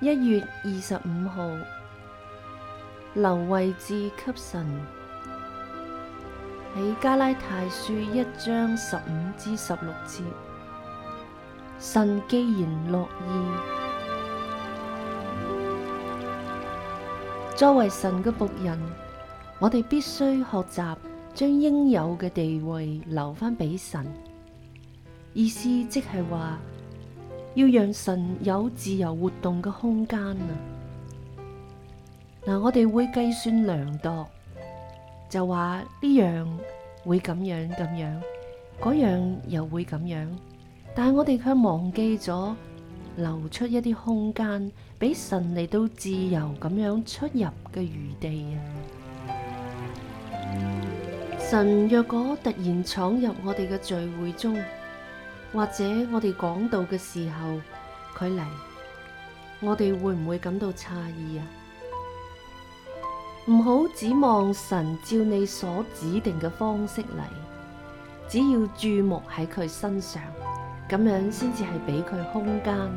一月二十五號，留位置給神。喺加拉太書一章十五至十六節，神既然樂意，作為神嘅僕人，我哋必須學習將應有嘅地位留返畀神，意思即係話。要讓神有自由活動嘅空間啊！嗱，我哋會計算量度，就話呢樣會咁樣咁樣，嗰樣又會咁樣，但係我哋卻忘記咗留出一啲空間俾神嚟到自由咁樣出入嘅餘地啊、嗯！神若果突然闖入我哋嘅聚會中，或者我哋講道嘅時候，佢嚟，我哋會唔會感到詫異啊？唔好指望神照你所指定嘅方式嚟，只要注目喺佢身上，咁樣先至係俾佢空間。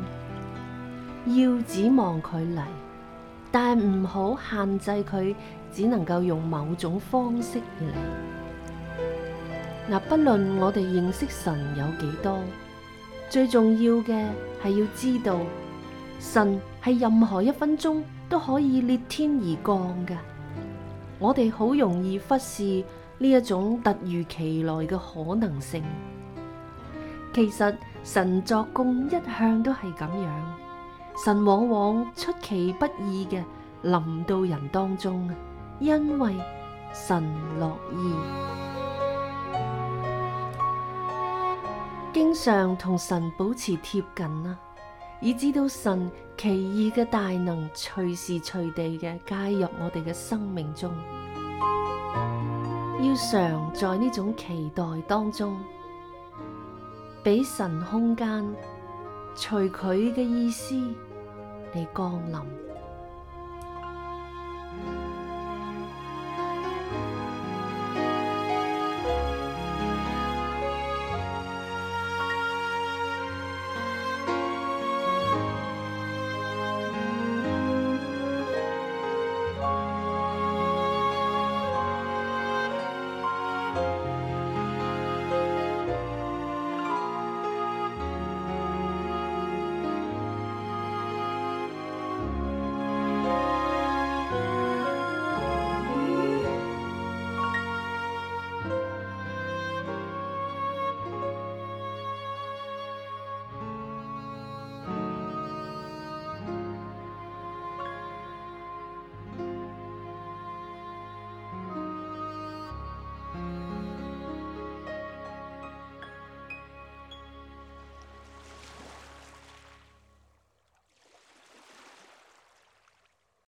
要指望佢嚟，但唔好限制佢，只能夠用某種方式嚟。嗱，不論我哋認識神有幾多，最重要嘅係要知道，神係任何一分鐘都可以裂天而降㗎。我哋好容易忽視呢一種突如其來嘅可能性。其實神作工一向都係咁樣，神往往出其不意嘅臨到人當中，因為神樂意。經常同神保持貼近啊，以知道神奇異嘅大能隨時隨地嘅介入我哋嘅生命中，要常在呢種期待當中，俾神空間隨佢嘅意思嚟降臨。